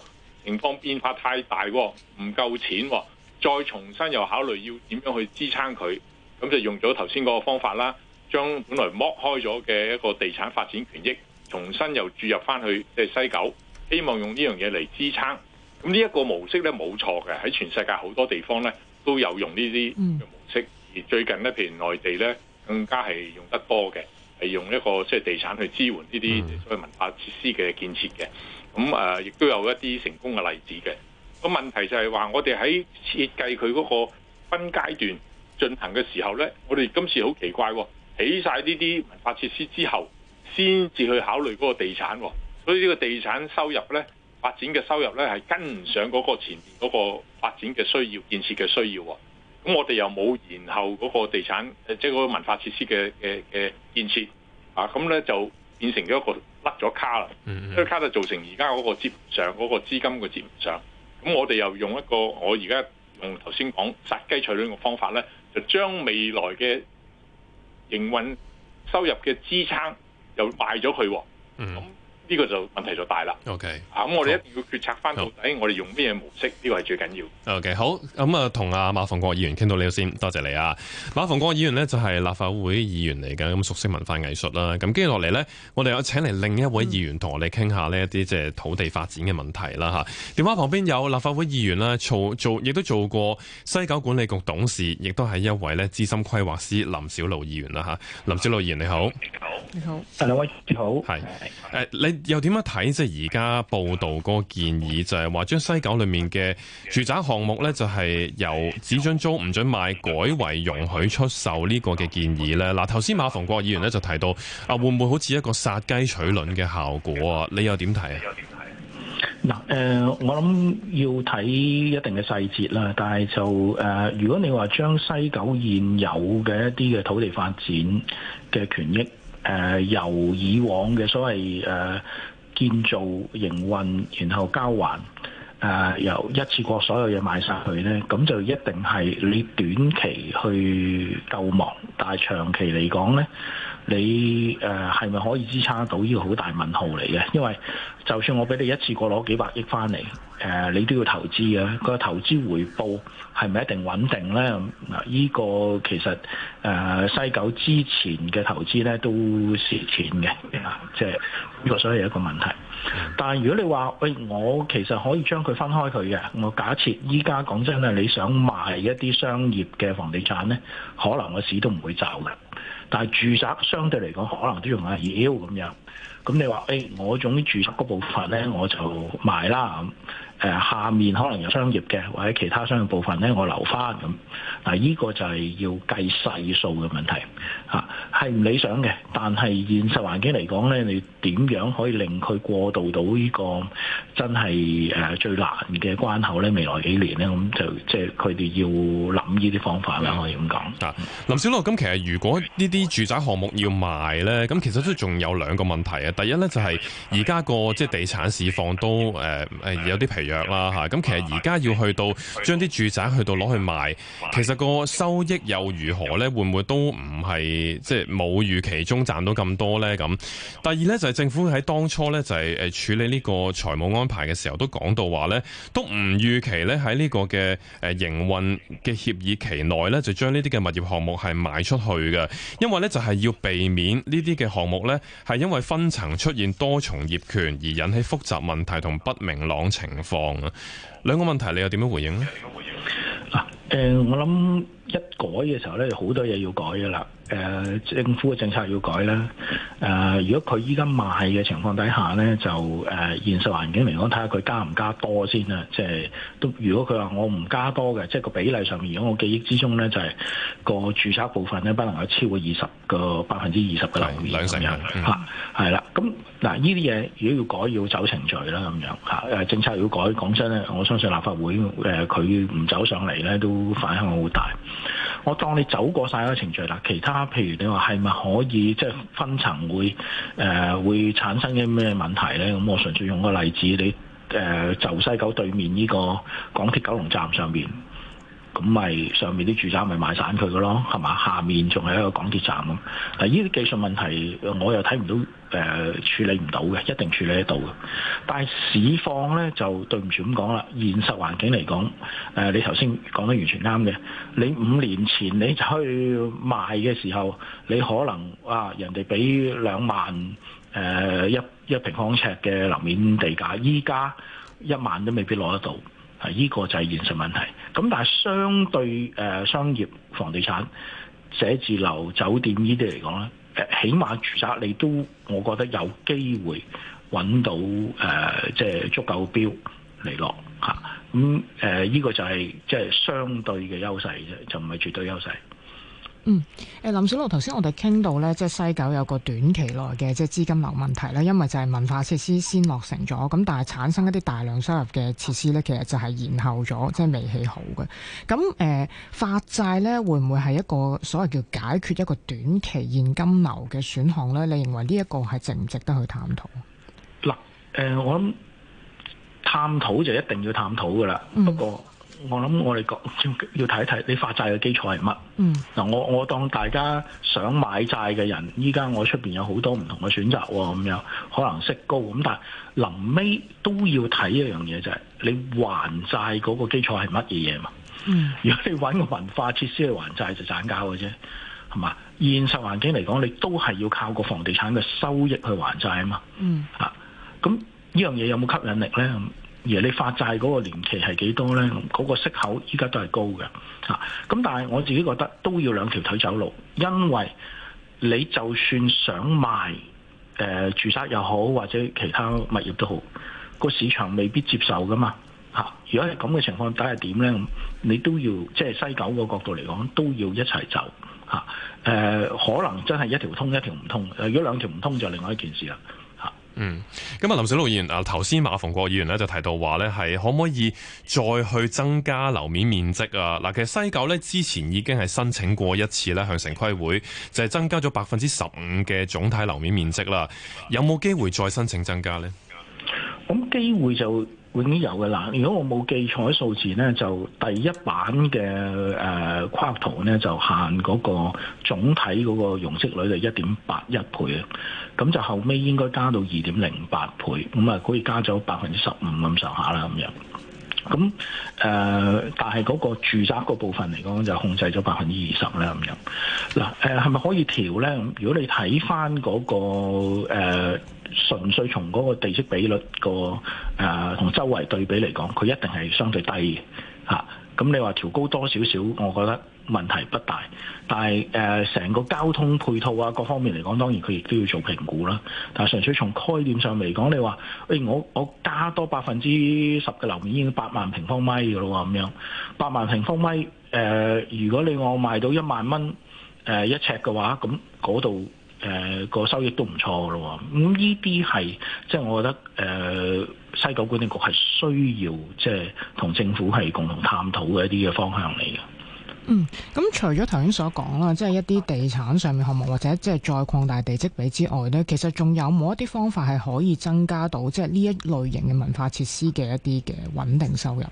E: 情況變化太大喎，唔夠錢喎。再重新又考慮要點樣去支撐佢，咁就用咗頭先嗰個方法啦，將本來剝開咗嘅一個地產發展權益，重新又注入翻去即係、就是、西九，希望用呢樣嘢嚟支撐。咁呢一個模式咧冇錯嘅，喺全世界好多地方咧都有用呢啲嘅模式，而最近咧譬如內地咧更加係用得多嘅，係用一個即係地產去支援呢啲、mm. 所謂文化設施嘅建設嘅。咁誒，亦、呃、都有一啲成功嘅例子嘅。個問題就係話，我哋喺設計佢嗰個分階段進行嘅時候呢，我哋今次好奇怪喎、哦，起晒呢啲文化設施之後，先至去考慮嗰個地產、哦，所以呢個地產收入呢，發展嘅收入呢，係跟唔上嗰個前面嗰個發展嘅需要、建設嘅需要喎、哦。咁我哋又冇延後嗰個地產，即係嗰個文化設施嘅建設啊，咁呢就變成咗一個甩咗卡啦，呢個卡就造成而家嗰個接唔上嗰、嗰個資金嘅接唔上。咁我哋又用一個我而家用頭先講殺雞取卵嘅方法咧，就將未來嘅營運收入嘅支撐又賣咗佢喎。嗯。呢、這個就問題就大啦。OK，咁、啊、我哋一定要決策翻到底，我哋用咩模式？呢個
A: 係最緊要。OK，好，咁、嗯、啊，同阿馬逢國議員傾到呢度先，多謝你啊。馬逢國議員呢，就係、是、立法會議員嚟嘅，咁熟悉文化藝術啦。咁跟住落嚟呢，我哋有請嚟另一位議員同我哋傾下呢一啲即係土地發展嘅問題啦嚇。電話旁邊有立法會議員啦，做做亦都做過西九管理局董事，亦都係一位呢資深規劃師林筱魯議員啦嚇、啊。林筱魯議員你好，
E: 你好，
A: 兩位好，係誒你好。又點樣睇？即係而家報道個建議，就係話將西九裏面嘅住宅項目呢，就係由只准租唔准買改為容許出售呢個嘅建議呢，嗱，頭先馬逢國議員呢就提到，啊會唔會好似一個殺雞取卵嘅效果啊？你又點睇？
F: 嗱，誒，我諗要睇一定嘅細節啦，但係就誒、呃，如果你話將西九現有嘅一啲嘅土地發展嘅權益，誒、呃、由以往嘅所謂誒、呃、建造營運，然後交還，誒、呃、由一次過所有嘢賣晒佢呢，咁就一定係你短期去救亡，但係長期嚟講呢。你誒係咪可以支撐到呢個好大問號嚟嘅？因為就算我俾你一次過攞幾百億翻嚟，誒、呃、你都要投資嘅、啊。這個投資回報係咪一定穩定呢？呢、這個其實誒、呃、西九之前嘅投資呢，都蝕錢嘅，即係呢個所以有一個問題。但係如果你話喂，我其實可以將佢分開佢嘅，我假設依家講真咧，你想賣一啲商業嘅房地產呢，可能個市都唔會走嘅。但係住宅相對嚟講，可能都用緊二 U 咁樣。咁你話誒、欸，我總之住宅嗰部分咧，我就賣啦咁。下面可能有商業嘅，或者其他商業部分呢，我留翻咁。嗱，依個就係要計細數嘅問題嚇，係唔理想嘅。但係現實環境嚟講呢，你點樣可以令佢過渡到呢個真係誒最難嘅關口呢？未來幾年呢，咁就即係佢哋要諗呢啲方法啦。可以咁講。
A: 嗱，林筱魯，咁其實如果呢啲住宅項目要賣呢，咁其實都仲有兩個問題啊。第一呢，就係而家個即係地產市況都誒有啲疲弱。啦吓，咁其實而家要去到將啲住宅去到攞去賣，其實個收益又如何呢？會唔會都唔係即係冇預期中賺到咁多呢？咁第二呢，就係政府喺當初呢，就係誒處理呢個財務安排嘅時候，都講到話呢，都唔預期呢，喺呢個嘅誒營運嘅協議期內呢，就將呢啲嘅物業項目係賣出去嘅，因為呢，就係要避免呢啲嘅項目呢，係因為分層出現多重業權而引起複雜問題同不明朗情況。兩個問題，你又點樣回應
F: 呢？誒、啊呃，我諗。一改嘅時候咧，好多嘢要改嘅啦。誒、呃，政府嘅政策要改啦。誒、呃，如果佢依家賣嘅情況底下咧，就誒、呃、現實環境嚟講，睇下佢加唔加多先啦。即、就、係、是、都如果佢話我唔加多嘅，即係個比例上面，如果我記憶之中咧，就係、是、個註冊部分咧不能夠超過二十個百分之二十嘅樓面兩成人樣係啦。咁、嗯、嗱、啊，呢啲嘢如果要改要走程序啦，咁樣、啊、政策要改，講真咧，我相信立法會誒佢唔走上嚟咧，都反響好大。我當你走過曬嗰程序啦，其他譬如你話係咪可以即係分層會、呃、會產生啲咩問題呢？咁我純粹用個例子，你呃、呃、就西九對面呢個港鐵九龍站上面。咁咪上面啲住宅咪賣散佢嘅咯，係嘛？下面仲係一個港鐵站咯。呢啲技術問題，我又睇唔到誒、呃、處理唔到嘅，一定處理得到嘅。但係市況呢，就對唔住咁講啦，現實環境嚟講，誒、呃、你頭先講得完全啱嘅。你五年前你去賣嘅時候，你可能啊人哋俾兩萬誒一一平方尺嘅樓面地價，依家一萬都未必攞得到。呢、呢個就係現實問題，咁但係相對、呃、商業房地產、寫字樓、酒店呢啲嚟講咧，起碼住宅你都，我覺得有機會揾到即係、呃就是、足夠標嚟落嚇，咁、啊、誒、呃呢個就係、是、即、就是、相對嘅優勢啫，就唔係絕對優勢。
B: 嗯，誒，林筱魯，頭先我哋傾到咧，即係西九有個短期內嘅即係資金流問題啦，因為就係文化設施先落成咗，咁但係產生一啲大量收入嘅設施咧，其實就係延後咗，即係未起好嘅。咁誒，發債咧會唔會係一個所謂叫解決一個短期現金流嘅選項咧？你認為呢一個係值唔值得去探討？
F: 嗱，誒，我諗探討就一定要探討噶啦，不過，嗯。我諗我哋講，要要睇一睇你發債嘅基礎係乜？嗱、嗯，我我當大家想買債嘅人，依家我出邊有好多唔同嘅選擇，咁有可能息高，咁但係臨尾都要睇一樣嘢，就係、是、你還債嗰個基礎係乜嘢嘢嘛？如果你搵個文化設施去還債就盞交嘅啫，係嘛？現實環境嚟講，你都係要靠個房地產嘅收益去還債啊嘛、
B: 嗯？啊，
F: 咁呢樣嘢有冇吸引力咧？而你發債嗰個年期係幾多呢？嗰個息口依家都係高嘅嚇。咁但係我自己覺得都要兩條腿走路，因為你就算想賣誒住宅又好，或者其他物業都好，個市場未必接受噶嘛嚇。如果係咁嘅情況，底下點呢？你都要即係西九個角度嚟講，都要一齊走嚇。誒，可能真係一條通一條唔通。如果兩條唔通，就另外一件事啦。
A: 嗯，咁啊，林筱魯議員啊，頭先馬逢國議員咧就提到話咧，係可唔可以再去增加樓面面積啊？嗱，其實西九咧之前已經係申請過一次咧，向城規會就係、是、增加咗百分之十五嘅總體樓面面積啦。有冇機會再申請增加呢？
F: 咁、嗯、機會就。永遠有嘅。嗱，如果我冇記錯啲數字咧，就第一版嘅誒跨圖咧就限嗰個總體嗰個容積率就一點八一倍啊，咁就後尾應該加到二點零八倍，咁啊可以加咗百分之十五咁上下啦咁樣。咁、嗯、誒、呃，但係嗰個住宅個部分嚟講，就控制咗百分之二十啦咁樣。嗱誒，係、嗯、咪、呃、可以調咧？如果你睇翻嗰個誒、呃，純粹從嗰個地積比率、嗰個誒同、呃、周圍對比嚟講，佢一定係相對低嘅吓。啊咁你話調高多少少，我覺得問題不大。但係誒，成、呃、個交通配套啊各方面嚟講，當然佢亦都要做評估啦。但係純粹從概念上嚟講，你話、哎、我我加多百分之十嘅樓面已經八萬平方米㗎咯咁樣，八萬平方米誒、呃，如果你我賣到一萬蚊、呃、一尺嘅話，咁嗰度。誒個收益都唔錯咯，咁呢啲係即係我覺得誒西九管理局係需要即係同政府係共同探討嘅一啲嘅方向嚟嘅。嗯，
B: 咁除咗頭先所講啦，即係一啲地產上面項目或者即係再擴大地積比之外呢，其實仲有冇一啲方法係可以增加到即係呢一類型嘅文化設施嘅一啲嘅穩定收入咧？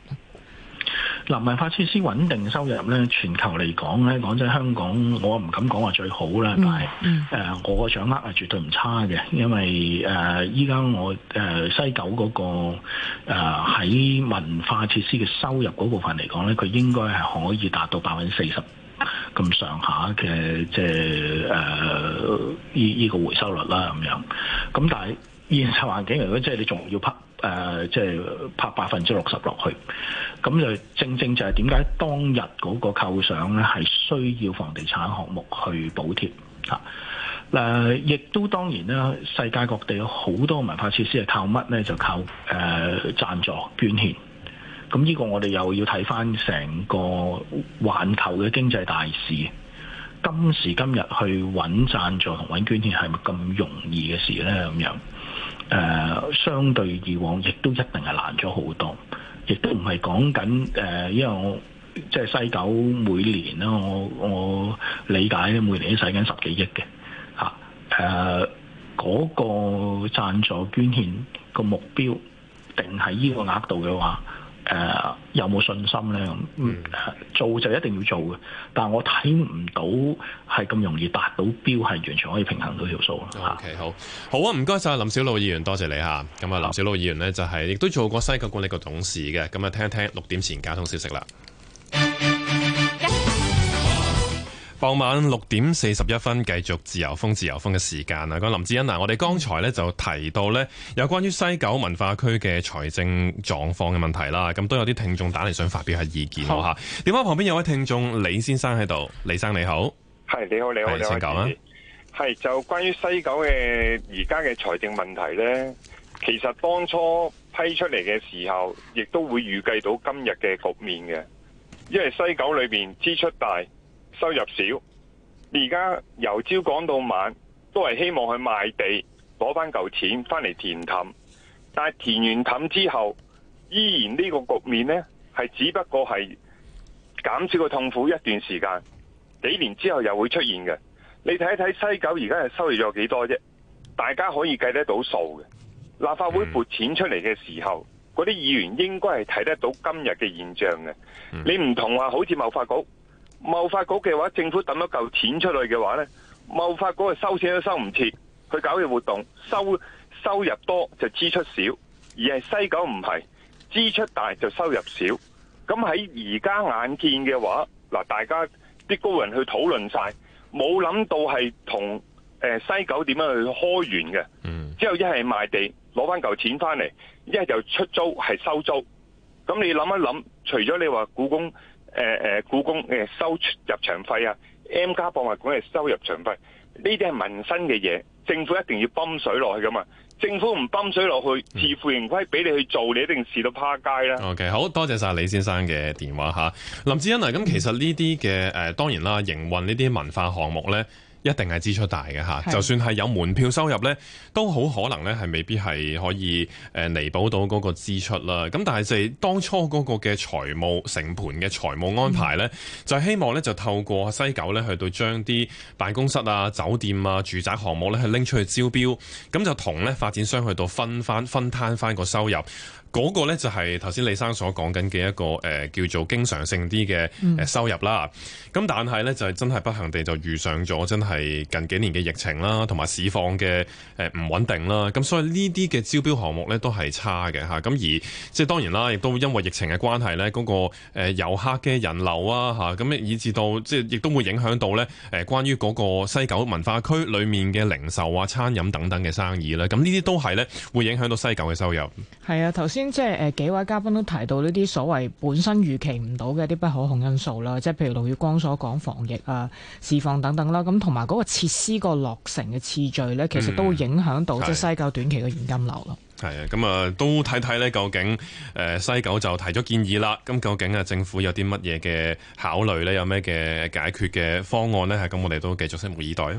F: 嗱，文化設施穩定收入咧，全球嚟講咧，講真香港我、嗯呃，我唔敢講話最好啦，但係誒，我個掌握係絕對唔差嘅，因為誒，依、呃、家我誒、呃、西九嗰、那個誒喺、呃、文化設施嘅收入嗰部分嚟講咧，佢應該係可以達到百分之四十咁上下嘅，即係誒呢依個回收率啦咁樣。咁但係現實環境嚟講，即係你仲要拍誒、呃，即係拍百分之六十落去，咁就正正就係點解當日嗰個構想咧，係需要房地產項目去補貼嚇。誒、啊、亦、呃、都當然啦，世界各地有好多文化設施係靠乜咧？就靠誒贊、呃、助捐獻，咁呢個我哋又要睇翻成個環球嘅經濟大事，今時今日去揾贊助同揾捐獻係咪咁容易嘅事咧？咁樣。誒、呃、相對以往亦都一定係難咗好多，亦都唔係講緊誒，因為我即係西九每年啦，我我理解每年都使緊十幾億嘅嚇，誒、啊、嗰、呃嗰個贊助捐獻個目標定喺呢個額度嘅話。誒、呃、有冇信心呢？嗯，做就一定要做嘅，但係我睇唔到係咁容易達到標，係完全可以平衡到條數。OK，好，
A: 好啊！唔該晒林筱魯議員，多謝你嚇。咁啊，林筱魯議員呢，就係亦都做過西九管理局董事嘅。咁啊，聽一聽六點前交通消息啦。傍晚六點四十一分，繼續自由風自由風嘅時間啊！咁林志恩嗱，我哋剛才咧就提到咧有關於西九文化區嘅財政狀況嘅問題啦，咁都有啲聽眾打嚟想發表下意見，好，吓。電話旁邊有位聽眾李先生喺度，李先生你好，
D: 係你好你好你好係。就關於西九嘅而家嘅財政問題咧，其實當初批出嚟嘅時候，亦都會預計到今日嘅局面嘅，因為西九裏邊支出大，收入少，而家由朝講到晚，都係希望去賣地，攞翻舊錢返嚟填氹。但係填完氹之後，依然呢個局面呢，係只不過係減少個痛苦一段時間，幾年之後又會出現嘅。你睇一睇西九而家係收入咗幾多啫？大家可以計得到數嘅。立法會撥錢出嚟嘅時候，嗰啲議員應該係睇得到今日嘅現象嘅。你唔同話好似貿發局。貿發局嘅話，政府抌咗嚿錢出去嘅話呢，貿發局係收錢都收唔切，去搞嘅活動，收收入多就支出少，而係西九唔係，支出大就收入少。咁喺而家眼見嘅話，嗱，大家啲高人去討論晒，冇諗到係同誒西九點樣去開源嘅，mm. 之後一係賣地攞翻嚿錢翻嚟，一係就出租係收租。咁你諗一諗，除咗你話故宮。故宮誒誒，故宮誒收入場費啊，M+ 博物館係收入場費，呢啲係民生嘅嘢，政府一定要泵水落去㗎嘛，政府唔泵水落去，自負盈虧，俾你去做，你一定蝕到趴街啦。
A: OK，好多謝晒李先生嘅電話吓，林志恩啊，咁其實呢啲嘅誒，當然啦，營運呢啲文化項目咧。一定係支出大嘅嚇，就算係有門票收入呢，都好可能呢，係未必係可以誒彌補到嗰個支出啦。咁但係就當初嗰個嘅財務成盤嘅財務安排呢、嗯，就希望呢，就透過西九呢，去到將啲辦公室啊、酒店啊、住宅項目呢，去拎出去招標，咁就同呢發展商去到分翻分攤翻個收入。嗰個呢就係頭先李生所講緊嘅一個叫做經常性啲嘅收入啦。咁、嗯、但係呢，就係真係不幸地就遇上咗真係近幾年嘅疫情啦，同埋市況嘅唔穩定啦。咁所以呢啲嘅招標項目呢都係差嘅吓。咁而即係當然啦，亦都因為疫情嘅關係呢，嗰個遊客嘅人流啊吓，咁以至到即係亦都會影響到呢誒關於嗰個西九文化區裏面嘅零售啊、餐飲等等嘅生意啦。咁呢啲都係呢，會影響到西九嘅收入。
B: 係啊，頭先。即係誒，幾位嘉賓都提到呢啲所謂本身預期唔到嘅一啲不可控因素啦，即係譬如盧月光所講防疫啊、市況等等啦，咁同埋嗰個設施個落成嘅次序咧，其實都會影響到即係西九短期嘅現金流咯。
A: 係、嗯、啊，咁啊都睇睇咧，究竟誒、呃、西九就提咗建議啦，咁究竟啊政府有啲乜嘢嘅考慮咧，有咩嘅解決嘅方案咧？係咁，我哋都繼續拭目以待啊。